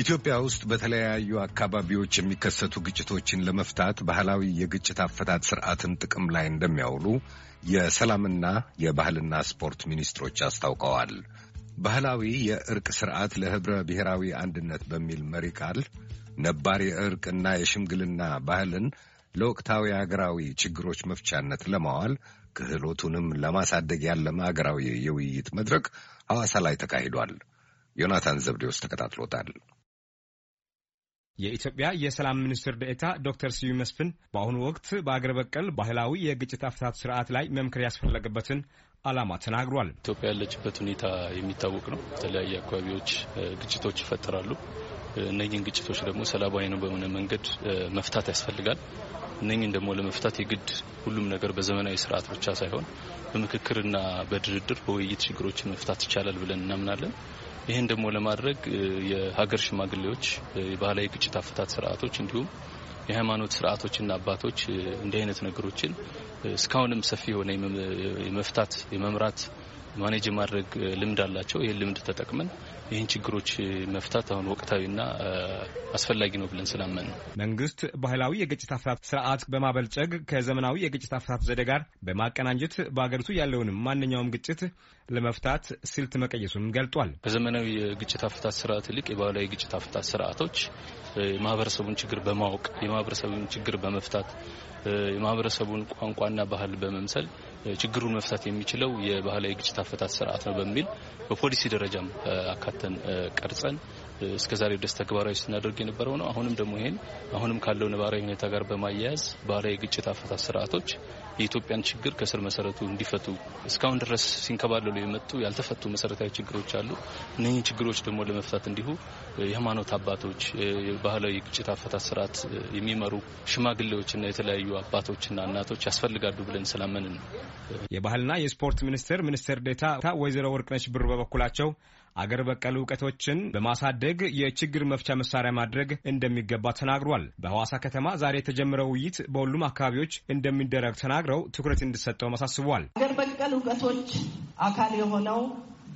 ኢትዮጵያ ውስጥ በተለያዩ አካባቢዎች የሚከሰቱ ግጭቶችን ለመፍታት ባህላዊ የግጭት አፈታት ስርዓትን ጥቅም ላይ እንደሚያውሉ የሰላምና የባህልና ስፖርት ሚኒስትሮች አስታውቀዋል። ባህላዊ የእርቅ ስርዓት ለህብረ ብሔራዊ አንድነት በሚል መሪ ቃል ነባር የእርቅና የሽምግልና ባህልን ለወቅታዊ አገራዊ ችግሮች መፍቻነት ለማዋል ክህሎቱንም ለማሳደግ ያለመ አገራዊ የውይይት መድረክ ሐዋሳ ላይ ተካሂዷል። ዮናታን ዘብዴዎስ ተከታትሎታል። የኢትዮጵያ የሰላም ሚኒስትር ደኤታ ዶክተር ስዩ መስፍን በአሁኑ ወቅት በአገር በቀል ባህላዊ የግጭት አፍታት ስርዓት ላይ መምከር ያስፈለገበትን ዓላማ ተናግሯል። ኢትዮጵያ ያለችበት ሁኔታ የሚታወቅ ነው። የተለያዩ አካባቢዎች ግጭቶች ይፈጠራሉ። እነኝን ግጭቶች ደግሞ ሰላማዊ ነው በሆነ መንገድ መፍታት ያስፈልጋል። እነኝህን ደግሞ ለመፍታት የግድ ሁሉም ነገር በዘመናዊ ስርዓት ብቻ ሳይሆን በምክክርና በድርድር በውይይት ችግሮችን መፍታት ይቻላል ብለን እናምናለን። ይህን ደግሞ ለማድረግ የሀገር ሽማግሌዎች፣ የባህላዊ ግጭት አፈታት ስርዓቶች እንዲሁም የሃይማኖት ስርዓቶችና አባቶች እንዲህ አይነት ነገሮችን እስካሁንም ሰፊ የሆነ የመፍታት የመምራት ማኔጅ ማድረግ ልምድ አላቸው። ይህን ልምድ ተጠቅመን ይህን ችግሮች መፍታት አሁን ወቅታዊና አስፈላጊ ነው ብለን ስላመን ነው። መንግስት ባህላዊ የግጭት አፈታት ስርዓት በማበልጸግ ከዘመናዊ የግጭት አፈታት ዘዴ ጋር በማቀናጀት በሀገሪቱ ያለውንም ማንኛውም ግጭት ለመፍታት ስልት መቀየሱን ገልጧል። ከዘመናዊ የግጭት አፍታት ስርዓት ይልቅ የባህላዊ የግጭት አፍታት ስርዓቶች የማህበረሰቡን ችግር በማወቅ የማህበረሰቡን ችግር በመፍታት የማህበረሰቡን ቋንቋና ባህል በመምሰል ችግሩን መፍታት የሚችለው የባህላዊ ግጭት አፈታት ስርዓት ነው በሚል በፖሊሲ ደረጃም አካ መተን ቀርጸን እስከ ዛሬ ድረስ ተግባራዊ ስናደርግ የነበረው ነው። አሁንም ደግሞ ይሄን አሁንም ካለው ነባራዊ ሁኔታ ጋር በማያያዝ ባህላዊ የግጭት አፈታት ስርዓቶች የኢትዮጵያን ችግር ከስር መሰረቱ እንዲፈቱ እስካሁን ድረስ ሲንከባለሉ የመጡ ያልተፈቱ መሰረታዊ ችግሮች አሉ። እነኚህን ችግሮች ደግሞ ለመፍታት እንዲሁ የሃይማኖት አባቶች፣ ባህላዊ የግጭት አፈታት ስርዓት የሚመሩ ሽማግሌዎችና የተለያዩ አባቶችና እናቶች ያስፈልጋሉ ብለን ስላመንን ነው። የባህልና የስፖርት ሚኒስቴር ሚኒስትር ዴኤታ ወይዘሮ ወርቅነሽ ብሩ በበኩላቸው አገር በቀል እውቀቶችን በማሳደግ የችግር መፍቻ መሳሪያ ማድረግ እንደሚገባ ተናግሯል። በሐዋሳ ከተማ ዛሬ የተጀመረው ውይይት በሁሉም አካባቢዎች እንደሚደረግ ተናግረው ትኩረት እንዲሰጠው አሳስቧል። አገር በቀል እውቀቶች አካል የሆነው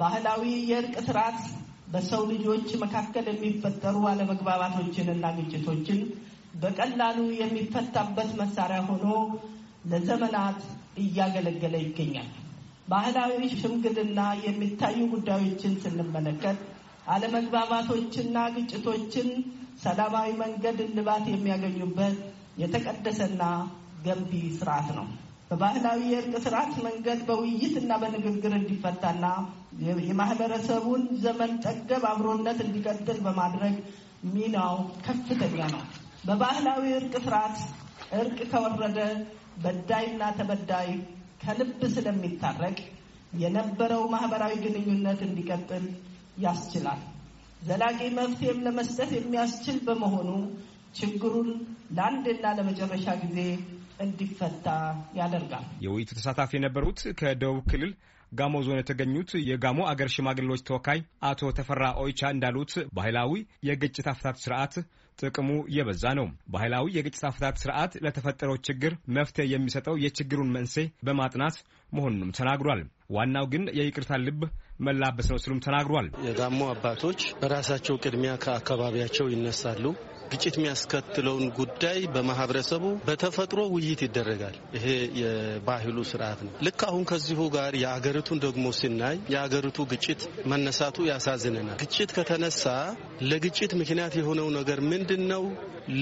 ባህላዊ የእርቅ ስርዓት በሰው ልጆች መካከል የሚፈጠሩ አለመግባባቶችንና ግጭቶችን በቀላሉ የሚፈታበት መሳሪያ ሆኖ ለዘመናት እያገለገለ ይገኛል። ባህላዊ ሽምግልና የሚታዩ ጉዳዮችን ስንመለከት አለመግባባቶችና ግጭቶችን ሰላማዊ መንገድ እልባት የሚያገኙበት የተቀደሰና ገንቢ ስርዓት ነው። በባህላዊ የእርቅ ስርዓት መንገድ በውይይትና በንግግር እንዲፈታና የማህበረሰቡን ዘመን ጠገብ አብሮነት እንዲቀጥል በማድረግ ሚናው ከፍተኛ ነው። በባህላዊ እርቅ ስርዓት እርቅ ከወረደ በዳይና ተበዳይ ከልብ ስለሚታረቅ የነበረው ማህበራዊ ግንኙነት እንዲቀጥል ያስችላል። ዘላቂ መፍትሄም ለመስጠት የሚያስችል በመሆኑ ችግሩን ለአንድና ለመጨረሻ ጊዜ እንዲፈታ ያደርጋል። የውይይቱ ተሳታፊ የነበሩት ከደቡብ ክልል ጋሞ ዞን የተገኙት የጋሞ አገር ሽማግሌዎች ተወካይ አቶ ተፈራ ኦይቻ እንዳሉት ባህላዊ የግጭት አፍታት ስርዓት ጥቅሙ የበዛ ነው። ባህላዊ የግጭት አፈታት ስርዓት ለተፈጠረው ችግር መፍትሄ የሚሰጠው የችግሩን መንስኤ በማጥናት መሆኑንም ተናግሯል። ዋናው ግን የይቅርታ ልብ መላበስ ነው ሲሉም ተናግሯል። የጋሞ አባቶች በራሳቸው ቅድሚያ ከአካባቢያቸው ይነሳሉ። ግጭት የሚያስከትለውን ጉዳይ በማህበረሰቡ በተፈጥሮ ውይይት ይደረጋል። ይሄ የባህሉ ስርዓት ነው። ልክ አሁን ከዚሁ ጋር የአገሪቱን ደግሞ ሲናይ የአገሪቱ ግጭት መነሳቱ ያሳዝነናል። ግጭት ከተነሳ ለግጭት ምክንያት የሆነው ነገር ምንድን ነው?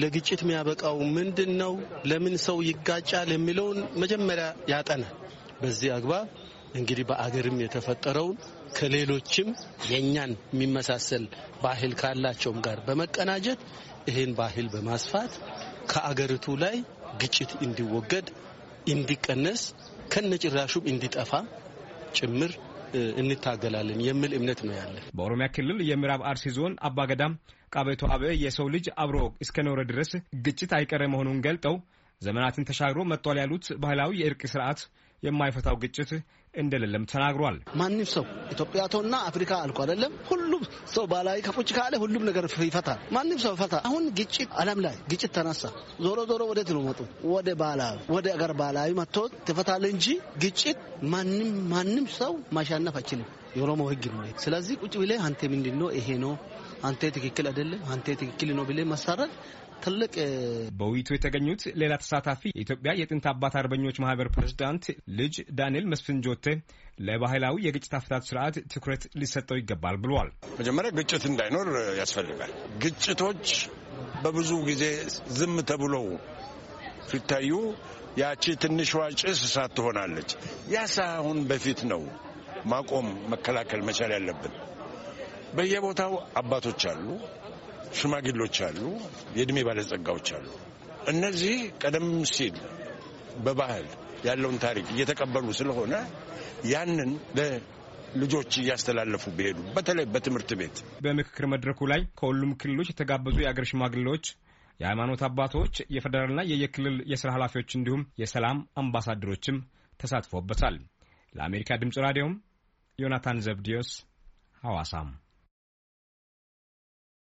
ለግጭት የሚያበቃው ምንድን ነው? ለምን ሰው ይጋጫል የሚለውን መጀመሪያ ያጠናል። በዚህ አግባብ እንግዲህ በአገርም የተፈጠረውን ከሌሎችም የእኛን የሚመሳሰል ባህል ካላቸውም ጋር በመቀናጀት ይህን ባህል በማስፋት ከአገሪቱ ላይ ግጭት እንዲወገድ፣ እንዲቀነስ፣ ከነጭራሹም እንዲጠፋ ጭምር እንታገላለን የሚል እምነት ነው ያለን። በኦሮሚያ ክልል የምዕራብ አርሲ ዞን አባገዳም ቃቤቶ አበ የሰው ልጅ አብሮ እስከኖረ ድረስ ግጭት አይቀረ መሆኑን ገልጠው ዘመናትን ተሻግሮ መጥቷል ያሉት ባህላዊ የእርቅ ስርዓት የማይፈታው ግጭት እንደሌለም ተናግሯል። ማንም ሰው ኢትዮጵያ ተውና አፍሪካ አልኩ አይደለም። ሁሉም ሰው ባላዊ ከቁጭ ካለ ሁሉም ነገር ይፈታል። ማንም ሰው ይፈታ። አሁን ግጭት አለም ላይ ግጭት ተነሳ። ዞሮ ዞሮ ወደ ነው መጡ? ወደ ባህላዊ ወደ አገር ባህላዊ መጥቶ ትፈታል እንጂ ግጭት ማንም ማንም ሰው ማሸነፍ አይችልም። የኦሮሞ ህግ ነው። ስለዚህ ቁጭ ብለህ አንተ ምንድን ነው ይሄ ነው አንተ ትክክል አይደለም አንተ ትክክል ነው ብለህ መሳረል ትልቅ በውይይቱ የተገኙት ሌላ ተሳታፊ የኢትዮጵያ የጥንት አባት አርበኞች ማህበር ፕሬዝዳንት ልጅ ዳንኤል መስፍን ጆቴ ለባህላዊ የግጭት አፈታት ስርዓት ትኩረት ሊሰጠው ይገባል ብሏል። መጀመሪያ ግጭት እንዳይኖር ያስፈልጋል። ግጭቶች በብዙ ጊዜ ዝም ተብለው ሲታዩ ያቺ ትንሿ ጭስ እሳት ትሆናለች። ያ ሳይሆን በፊት ነው ማቆም መከላከል መቻል ያለብን። በየቦታው አባቶች አሉ፣ ሽማግሌዎች አሉ፣ የእድሜ ባለጸጋዎች አሉ። እነዚህ ቀደም ሲል በባህል ያለውን ታሪክ እየተቀበሉ ስለሆነ ያንን ልጆች እያስተላለፉ ቢሄዱ በተለይ በትምህርት ቤት በምክክር መድረኩ ላይ ከሁሉም ክልሎች የተጋበዙ የአገር ሽማግሌዎች፣ የሃይማኖት አባቶች፣ የፌዴራልና የየክልል የስራ ኃላፊዎች እንዲሁም የሰላም አምባሳደሮችም ተሳትፎበታል። ለአሜሪካ ድምፅ ራዲዮም ዮናታን ዘብዲዮስ ሐዋሳም